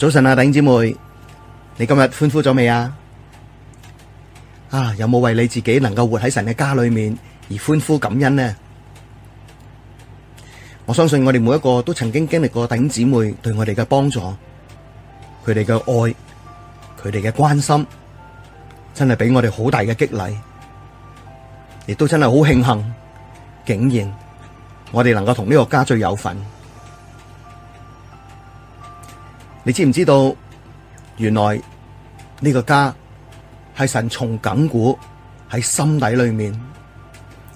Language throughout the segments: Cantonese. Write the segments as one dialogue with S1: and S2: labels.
S1: 早晨啊，弟兄姊妹，你今日歡呼咗未啊？啊，有冇為你自己能夠活喺神嘅家裏面而歡呼感恩呢？我相信我哋每一個都曾經經歷過弟兄姊妹對我哋嘅幫助，佢哋嘅愛，佢哋嘅關心，真係俾我哋好大嘅激勵，亦都真係好慶幸，竟然我哋能夠同呢個家最有份。你知唔知道？原來呢個家係神從亘古喺心底裏面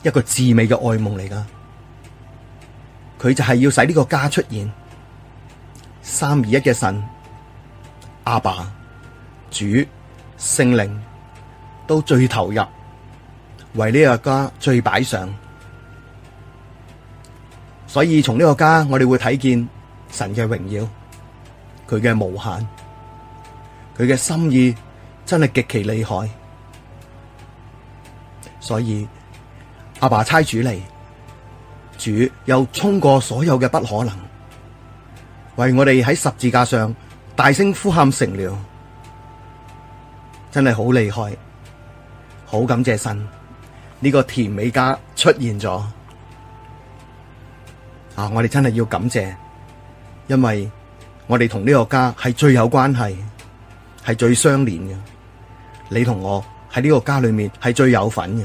S1: 一個至美嘅愛夢嚟噶，佢就係要使呢個家出現。三而一嘅神，阿爸、主、聖靈都最投入，為呢個家最擺上，所以從呢個家我哋會睇見神嘅榮耀。佢嘅無限，佢嘅心意真係極其厲害，所以阿爸差主嚟，主又衝過所有嘅不可能，爲我哋喺十字架上大聲呼喊成了，真係好厲害，好感謝神呢、這個甜美家出現咗，啊！我哋真係要感謝，因爲。我哋同呢個家係最有關係，係最相連嘅。你同我喺呢個家裏面係最有份嘅。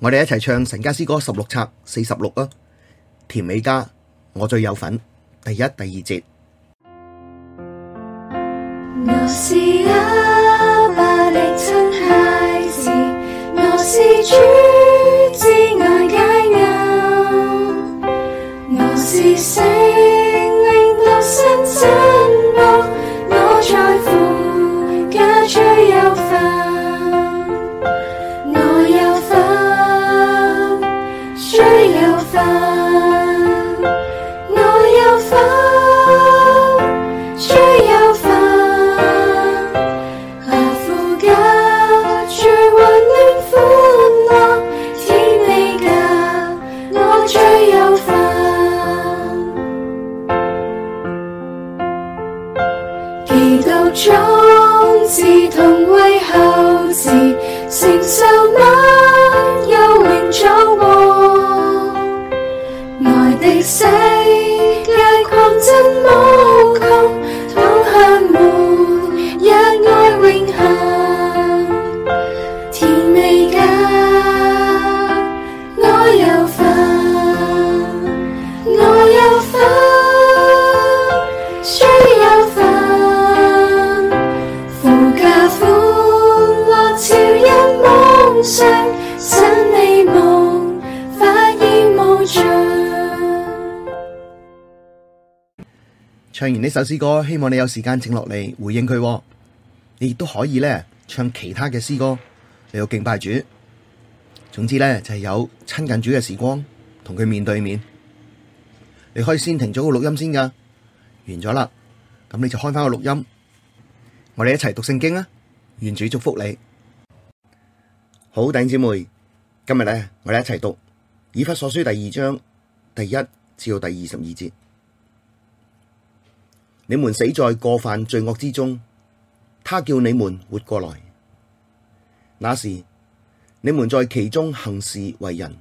S1: 我哋一齊唱《神家詩歌》十六冊四十六啊，甜美家我最有份，第一、第
S2: 二節。
S1: 唱完呢首詩歌，希望你有時間靜落嚟回應佢。你亦都可以咧唱其他嘅詩歌嚟到敬拜主。總之咧就係有親近主嘅時光，同佢面對面。你可以先停咗個錄音先㗎，完咗啦，咁你就開返個錄音，我哋一齊讀聖經啊！願主祝福你。好，弟兄姊妹，今日咧我哋一齊讀以弗所書第二章第一至到第二十二節。你們死在過犯罪惡之中，他叫你們活過來。那時你們在其中行事為人，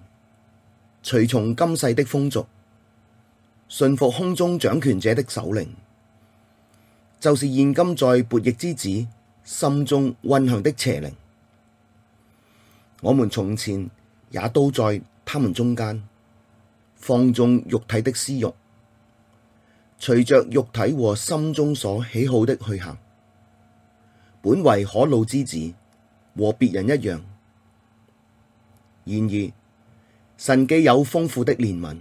S1: 隨從今世的風俗，順服空中掌權者的首領，就是現今在悖逆之子心中運行的邪靈。我們從前也都在他們中間，放縱肉體的私欲。隨着肉體和心中所喜好的去行，本為可怒之子，和別人一樣。然而，神既有豐富的憐憫，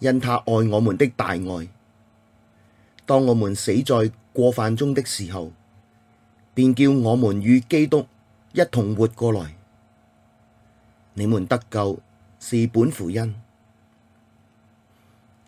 S1: 因他愛我們的大愛，當我們死在過犯中的時候，便叫我們與基督一同活過來。你們得救是本乎恩。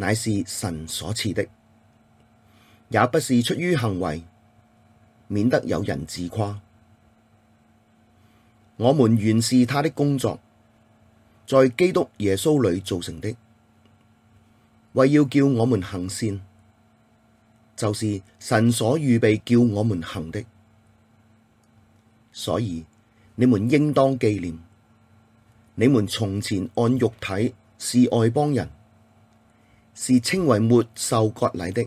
S1: 乃是神所賜的，也不是出於行為，免得有人自誇。我們原是他的工作，在基督耶穌裏造成的，為要叫我們行善，就是神所預備叫我們行的。所以你們應當紀念，你們從前按肉體是外邦人。是稱為沒受割禮的，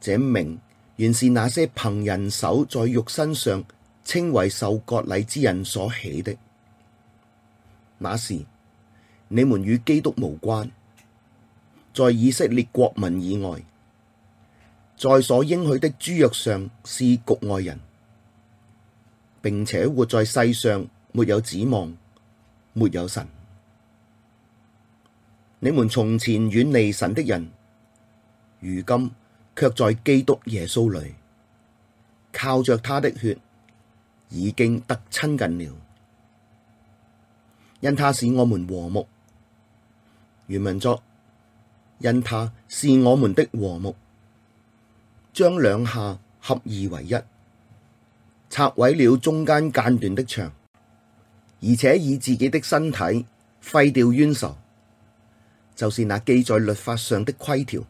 S1: 這名原是那些憑人手在肉身上稱為受割禮之人所起的。那時，你們與基督無關，在以色列國民以外，在所應許的諸約上是局外人，並且活在世上沒有指望，沒有神。你們從前遠離神的人，如今卻在基督耶穌裡靠着，他的血已經得親近了，因他使我們和睦。原文作因他是我們的和睦，將兩下合而為一，拆毀了中間隔斷的牆，而且以自己的身體廢掉冤仇。就是那記在律法上的規條，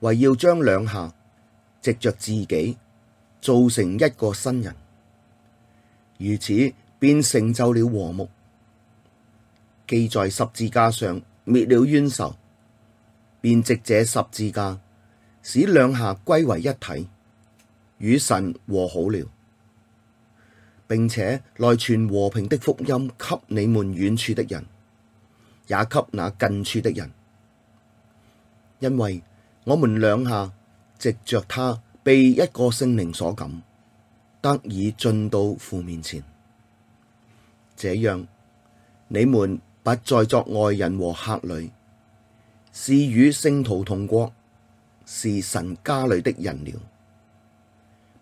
S1: 為要將兩下藉着自己造成一個新人，如此便成就了和睦，既在十字架上滅了冤仇，便藉這十字架使兩下歸為一體，與神和好了。並且來傳和平的福音給你們遠處的人，也給那近處的人，因為我們兩下藉著他被一個聖靈所感，得以進到父面前。這樣，你們不再作外人和客旅，是與聖徒同國，是神家裏的人了。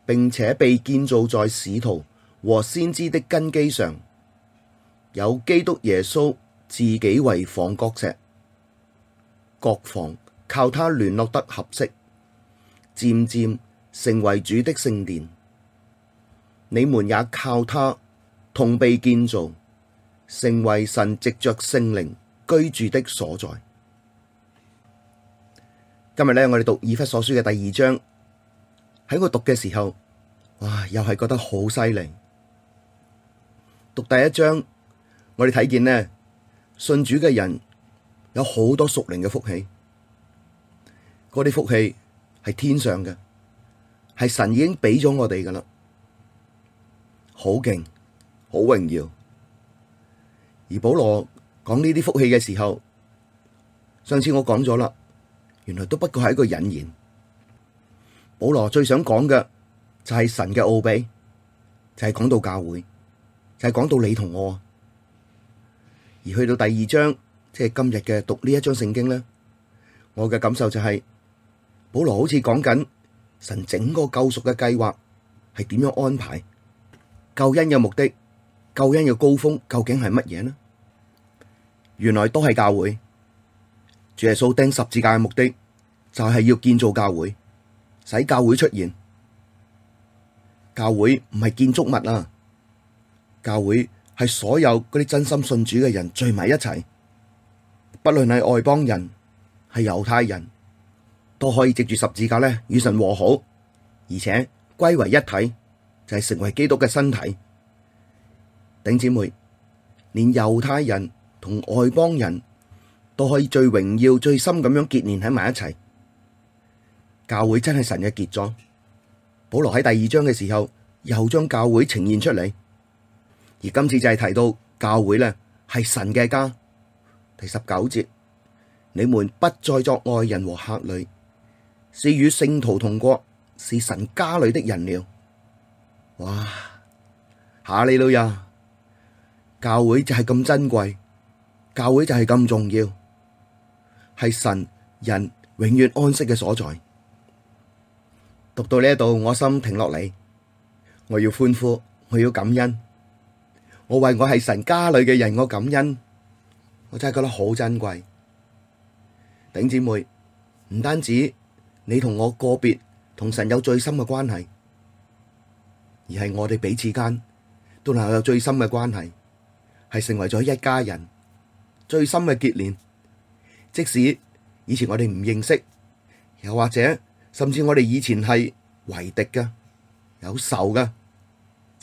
S1: 並且被建造在使徒和先知的根基上，有基督耶穌，自己為房角石，各房靠他聯絡得合適，漸漸成為主的聖殿。你們也靠他同被建造，成為神藉着聖靈居住的所在。今日呢，我哋讀以弗所書嘅第二章，喺我讀嘅時候，哇，又係覺得好犀利。讀第一章，我哋睇見呢，信主嘅人有好多屬靈嘅福氣，嗰啲福氣係天上嘅，係神已經俾咗我哋噶啦，好勁，好榮耀。而保羅講呢啲福氣嘅時候，上次我講咗啦，原來都不過係一個引言。保羅最想講嘅就係神嘅奧秘，就係、是、講到教會，就係、是、講到你同我。而去到第二章，即係今日嘅讀呢一章聖經咧，我嘅感受就係保羅好似講緊神整個救贖嘅計劃係點樣安排？救恩嘅目的、救恩嘅高峰究竟係乜嘢呢？原來都係教會，主耶穌釘十字架嘅目的就係要建造教會，使教會出現。教會唔係建築物啊，教會。係所有嗰啲真心信主嘅人聚埋一齊，不論係外邦人、係猶太人，都可以藉住十字架呢與神和好，而且歸為一體，就係、是、成為基督嘅身體。頂姐妹，連猶太人同外邦人都可以最榮耀、最深咁樣結連喺埋一齊。教會真係神嘅傑作。保羅喺第二章嘅時候又將教會呈現出嚟。而今次就係提到教會咧，係神嘅家。第十九節，你們不再作外人和客旅，是與聖徒同國，是神家裡的人了。哇！哈利路亞，教會就係咁珍貴，教會就係咁重要，係神人永遠安息嘅所在。讀到呢一度，我心停落嚟，我要歡呼，我要感恩。我為我係神家裏嘅人，我感恩，我真係覺得好珍貴。頂姊妹，唔單止你同我個別同神有最深嘅關係，而係我哋彼此間都能有最深嘅關係，係成為咗一家人最深嘅結連。即使以前我哋唔認識，又或者甚至我哋以前係為敵嘅，有仇嘅。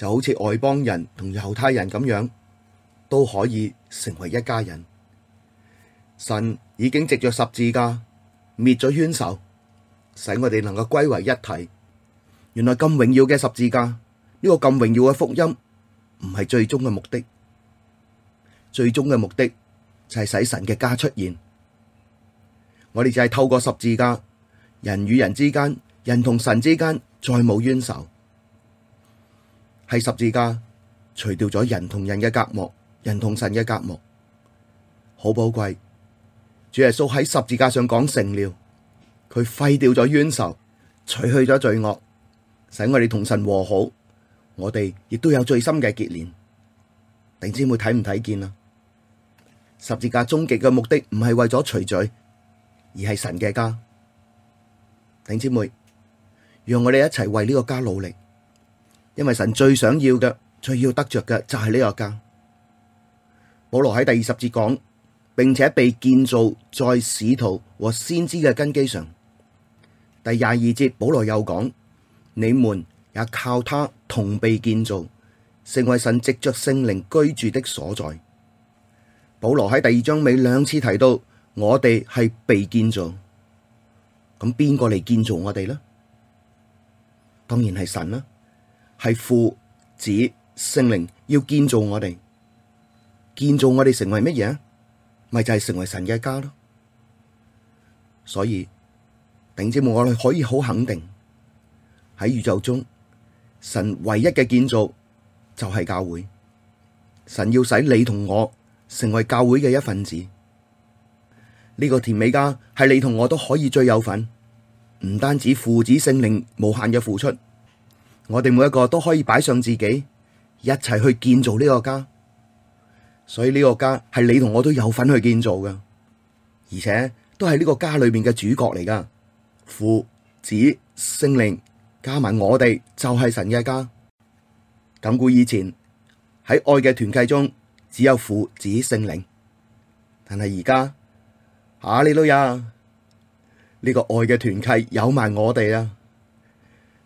S1: 就好似外邦人同猶太人咁樣，都可以成為一家人。神已經藉着十字架滅咗冤仇，使我哋能夠歸為一體。原來咁榮耀嘅十字架，呢個咁榮耀嘅福音，唔係最終嘅目的。最終嘅目的就係使神嘅家出現。我哋就係透過十字架，人與人之間，人同神之間，再冇冤仇。係十字架除掉咗人同人嘅隔膜，人同神嘅隔膜，好寶貴。主耶穌喺十字架上講成了，佢廢掉咗冤仇，除去咗罪惡，使我哋同神和好。我哋亦都有最深嘅結連。頂姊妹睇唔睇見啊？十字架終極嘅目的唔係為咗除罪，而係神嘅家。頂姊妹，讓我哋一齊為呢個家努力。因為神最想要嘅、最要得着嘅就係呢個家。保羅喺第二十節講，並且被建造在使徒和先知嘅根基上。第二十二節保羅又講：你們也靠他同被建造，成為神藉着聖靈居住的所在。保羅喺第二章尾兩次提到我哋係被建造，咁邊個嚟建造我哋呢？當然係神啦、啊。係父子聖靈要建造我哋，建造我哋成為乜嘢？咪就係、是、成為神嘅家咯。所以弟兄姊妹，我哋可以好肯定喺宇宙中，神唯一嘅建造就係教會。神要使你同我成為教會嘅一份子。呢、這個甜美家係你同我都可以最有份，唔單止父子聖靈無限嘅付出。我哋每一個都可以擺上自己，一齊去建造呢個家。所以呢個家係你同我都有份去建造嘅，而且都係呢個家裏面嘅主角嚟噶。父、子、聖靈加埋我哋，就係神嘅家。咁故以前喺愛嘅團契中，只有父、子、聖靈。但係而家啊，你都呀，呢個愛嘅團契有埋我哋啊！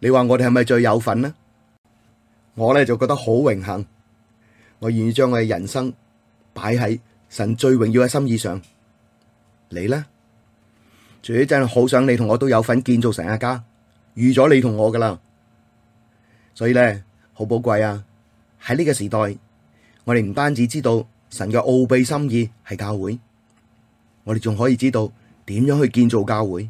S1: 你話我哋係咪最有份呢？我咧就覺得好榮幸，我願意將我嘅人生擺喺神最榮耀嘅心意上。你呢？除咗真係好想你同我都有份建造成一、啊、家，預咗你同我噶啦。所以咧，好寶貴啊！喺呢個時代，我哋唔單止知道神嘅奧秘心意係教會，我哋仲可以知道點樣去建造教會。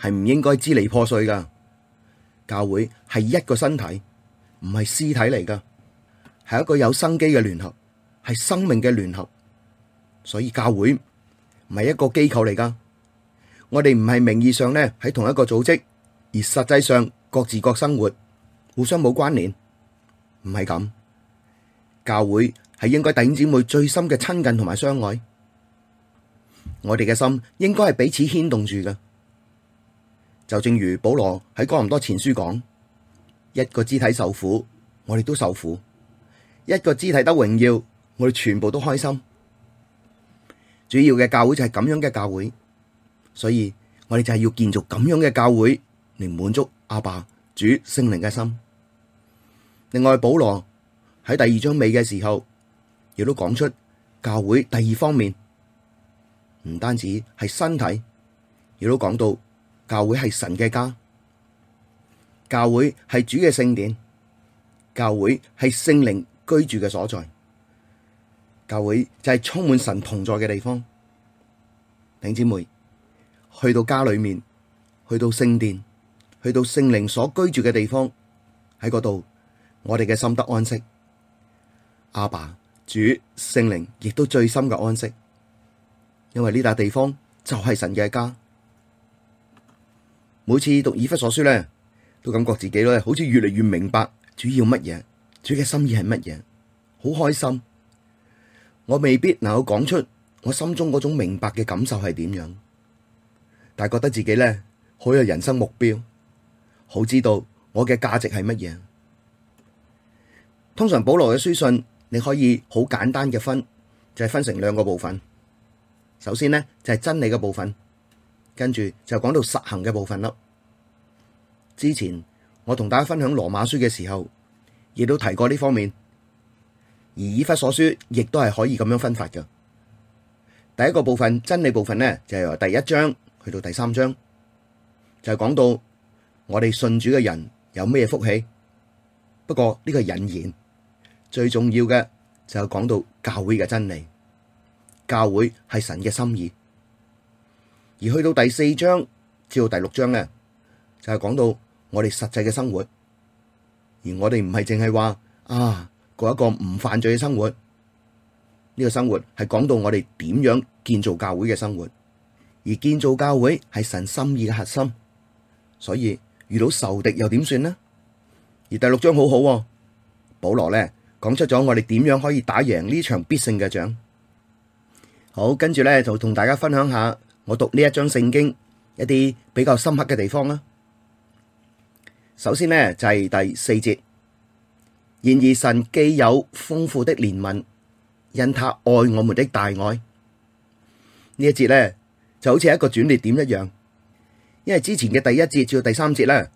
S1: 係唔應該支離破碎噶，教會係一個身體，唔係屍體嚟噶，係一個有生機嘅聯合，係生命嘅聯合。所以教會唔係一個機構嚟噶，我哋唔係名義上咧喺同一個組織，而實際上各自各生活，互相冇關聯，唔係咁。教會係應該弟兄姊妹最深嘅親近同埋相愛，我哋嘅心應該係彼此牽動住噶。就正如保羅喺哥林多前書講，一個肢體受苦，我哋都受苦；一個肢體得榮耀，我哋全部都開心。主要嘅教會就係咁樣嘅教會，所以我哋就係要建造咁樣嘅教會，嚟滿足阿爸主聖靈嘅心。另外，保羅喺第二章尾嘅時候，亦都講出教會第二方面，唔單止係身體，亦都講到。教會係神嘅家，教會係主嘅聖殿，教會係聖靈居住嘅所在，教會就係充滿神同在嘅地方。弟兄姊妹，去到家裏面，去到聖殿，去到聖靈所居住嘅地方，喺嗰度，我哋嘅心得安息。阿爸、主、聖靈亦都最深嘅安息，因為呢笪地方就係神嘅家。每次讀以弗所書咧，都感覺自己咧好似越嚟越明白主要乜嘢，主要嘅心意係乜嘢，好開心。我未必能夠講出我心中嗰種明白嘅感受係點樣，但係覺得自己咧好有人生目標，好知道我嘅價值係乜嘢。通常保羅嘅書信你可以好簡單嘅分，就係分成兩個部分。首先咧就係真理嘅部分。跟住就講到實行嘅部分啦。之前我同大家分享羅馬書嘅時候，亦都提過呢方面。而以弗所書亦都係可以咁樣分法嘅。第一個部分真理部分呢，就係由第一章去到第三章，就係講到我哋信主嘅人有咩福氣。不過呢個引言最重要嘅就係講到教會嘅真理，教會係神嘅心意。而去到第四章至到第六章咧，就係、是、講到我哋實際嘅生活，而我哋唔係淨係話啊過一個唔犯罪嘅生活，呢、這個生活係講到我哋點樣建造教會嘅生活，而建造教會係神心意嘅核心，所以遇到仇敵又點算呢？而第六章好好、啊，保羅咧講出咗我哋點樣可以打贏呢場必勝嘅仗。好，跟住咧就同大家分享下。我讀呢一章聖經一啲比較深刻嘅地方啦。首先呢，就係、是、第四節，然而神既有豐富的憐憫，因祂愛我們的大愛。呢一節呢，就好似一個轉折點一樣，因為之前嘅第一節至到第三節呢，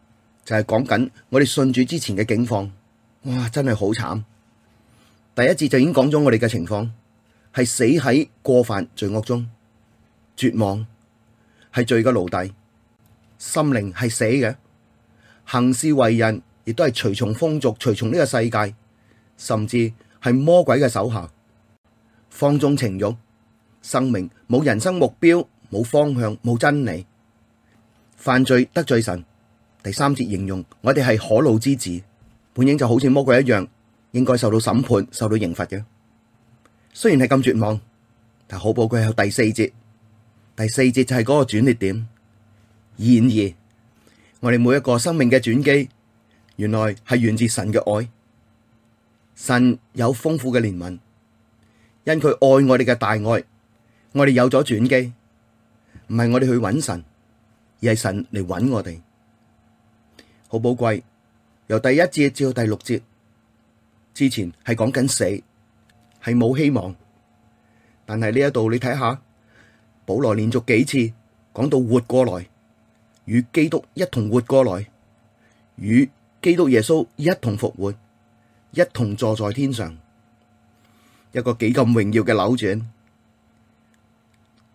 S1: 就係講緊我哋信主之前嘅境況，哇真係好慘。第一節就已經講咗我哋嘅情況係死喺過犯罪惡中。絕望係罪嘅奴隸，心靈係死嘅，行事為人亦都係隨從風俗，隨從呢個世界，甚至係魔鬼嘅手下放縱情慾，生命冇人生目標，冇方向，冇真理，犯罪得罪神。第三節形容我哋係可怒之子，本應就好似魔鬼一樣，應該受到審判，受到刑罰嘅。雖然係咁絕望，但好寶貴係第四節。第四節就係嗰個轉捩點，然而我哋每一個生命嘅轉機，原來係源自神嘅愛。神有豐富嘅憐憫，因佢愛我哋嘅大愛，我哋有咗轉機，唔係我哋去揾神，而係神嚟揾我哋，好寶貴。由第一節至到第六節之前係講緊死，係冇希望，但係呢一度你睇下。保羅連續幾次講到活過來，與基督一同活過來，與基督耶穌一同復活，一同坐在天上，一個幾咁榮耀嘅扭轉。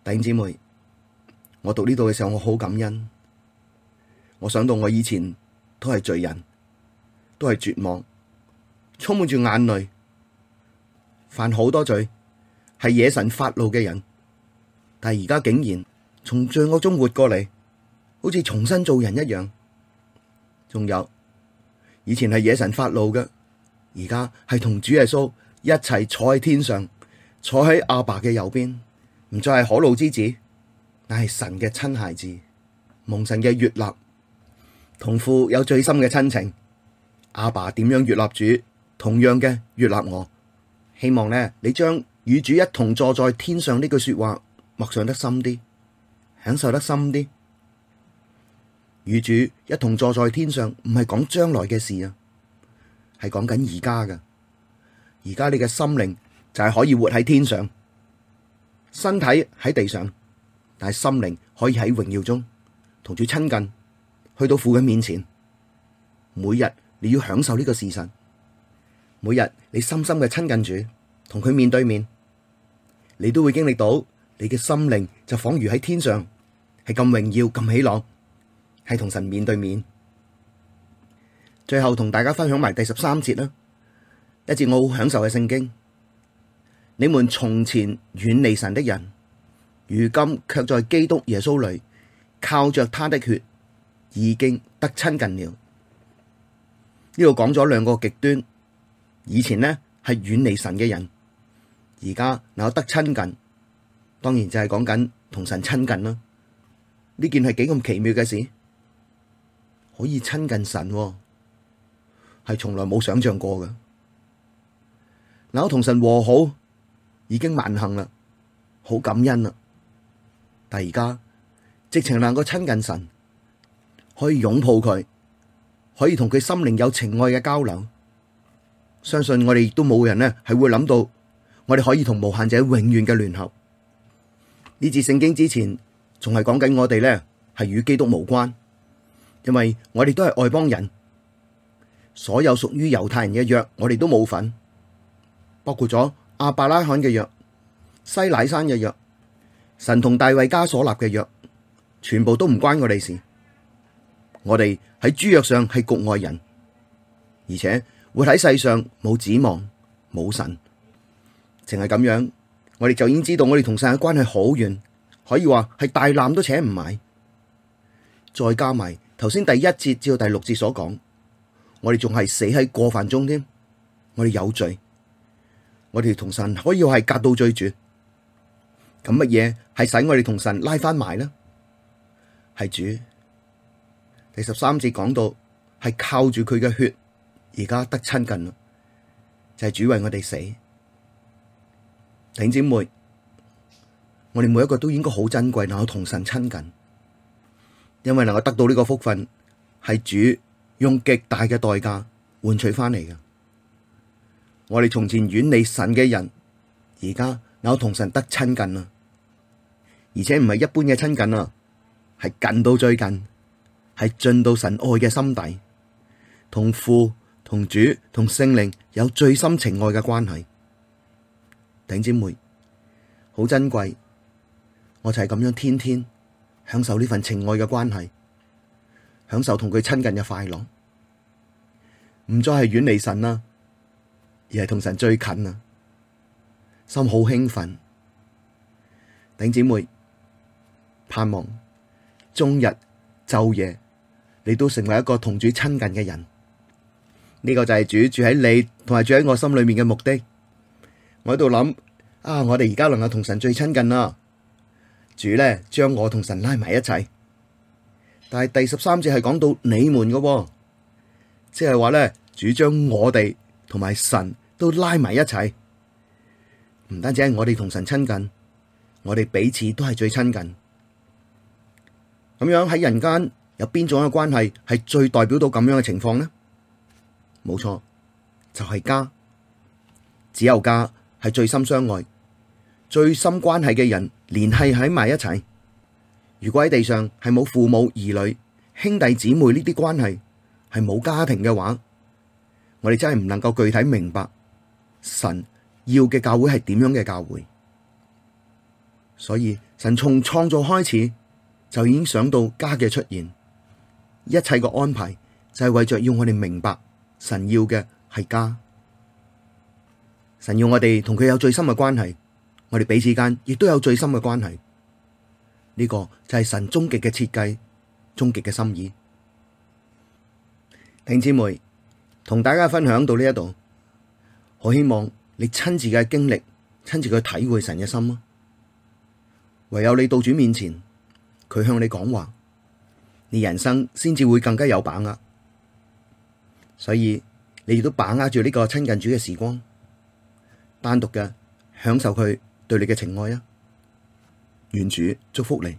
S1: 弟兄姊妹，我讀呢度嘅時候，我好感恩。我想到我以前都係罪人，都係絕望，充滿住眼淚，犯好多罪，係惹神發怒嘅人。但係而家竟然從罪惡中活過嚟，好似重新做人一樣。仲有以前係野神發怒嘅，而家係同主耶穌一齊坐喺天上，坐喺阿爸嘅右邊，唔再係可怒之子，乃係神嘅親孩子，蒙神嘅悦納，同父有最深嘅親情。阿爸點樣悦納主，同樣嘅悦納我。希望咧，你將與主一同坐在天上呢句説話。默想得深啲，享受得深啲，與主一同坐在天上，唔係講將來嘅事啊，係講緊而家噶。而家你嘅心靈就係可以活喺天上，身體喺地上，但係心靈可以喺榮耀中同主親近，去到父嘅面前。每日你要享受呢個時辰，每日你深深嘅親近主，同佢面對面，你都會經歷到。你嘅心靈就仿如喺天上，係咁榮耀咁起朗，係同神面對面。最後同大家分享埋第十三節啦，一節我好享受嘅聖經：你們從前遠離神的人，如今卻在基督耶穌裏，靠着他的血已經得親近了。呢度講咗兩個極端，以前呢，係遠離神嘅人，而家嗱得親近。當然就係講緊同神親近啦，呢件係幾咁奇妙嘅事，可以親近神啊，係從來冇想象過嘅。嗱，我同神和好已經萬幸啦，好感恩啦。但而家直情能夠親近神，可以擁抱佢，可以同佢心靈有情愛嘅交流，相信我哋亦都冇人咧係會諗到，我哋可以同無限者永遠嘅聯合。呢節聖經之前，仲係講緊我哋呢，係與基督無關，因為我哋都係外邦人，所有屬於猶太人嘅約，我哋都冇份，包括咗亞伯拉罕嘅約、西乃山嘅約、神同大衛家所立嘅約，全部都唔關我哋事，我哋喺諸約上係局外人，而且會喺世上冇指望、冇神，淨係咁樣。我哋就已經知道，我哋同神嘅關係好遠，可以話係大纜都扯唔埋。再加埋頭先第一節至到第六節所講，我哋仲係死喺過犯中添，我哋有罪，我哋同神可以係隔到最遠。咁乜嘢係使我哋同神拉翻埋呢？係主。第十三節講到係靠住佢嘅血，而家得親近啦，就係、是、主為我哋死。弟兄姊妹，我哋每一個都應該好珍貴，能夠同神親近，因為能夠得到呢個福分，係主用極大嘅代價換取翻嚟嘅。我哋從前遠離神嘅人，而家能夠同神得親近啦，而且唔係一般嘅親近啦，係近到最近，係進到神愛嘅心底，同父、同主、同聖靈有最深情愛嘅關係。頂姊妹，好珍貴，我就係咁樣，天天享受呢份情愛嘅關係，享受同佢親近嘅快樂，唔再係遠離神啦、啊，而係同神最近啊，心好興奮。頂姊妹，盼望終日晝夜，你都成為一個同主親近嘅人，呢、呢個就係主住喺你同埋住喺我心裏面嘅目的。我喺度諗，啊！我哋而家能夠同神最親近啦、啊，主咧將我同神拉埋一齊。但係第十三節係講到你們嘅，即係話咧，主將我哋同埋神都拉埋一齊，唔單止係我哋同神親近，我哋彼此都係最親近。咁樣喺人間有邊種嘅關係係最代表到咁樣嘅情況呢？冇錯，就係家，只有家。係最深相愛、最深關係嘅人，聯繫喺埋一齊。如果喺地上係冇父母、兒女、兄弟姊妹呢啲關係，係冇家庭嘅話，我哋真係唔能夠具體明白神要嘅教會係點樣嘅教會。所以神從創造開始就已經想到家嘅出現，一切嘅安排就係為着要我哋明白神要嘅係家。神要我哋同佢有最深嘅關係，我哋彼此間亦都有最深嘅關係。呢、這個就係神終極嘅設計，終極嘅心意。弟兄姊妹，同大家分享到呢一度，我希望你親自嘅經歷，親自去體會神嘅心啊！唯有你到主面前，佢向你講話，你人生先至會更加有把握。所以你亦都把握住呢個親近主嘅時光。單獨嘅享受佢對你嘅情愛啊，願主祝福你。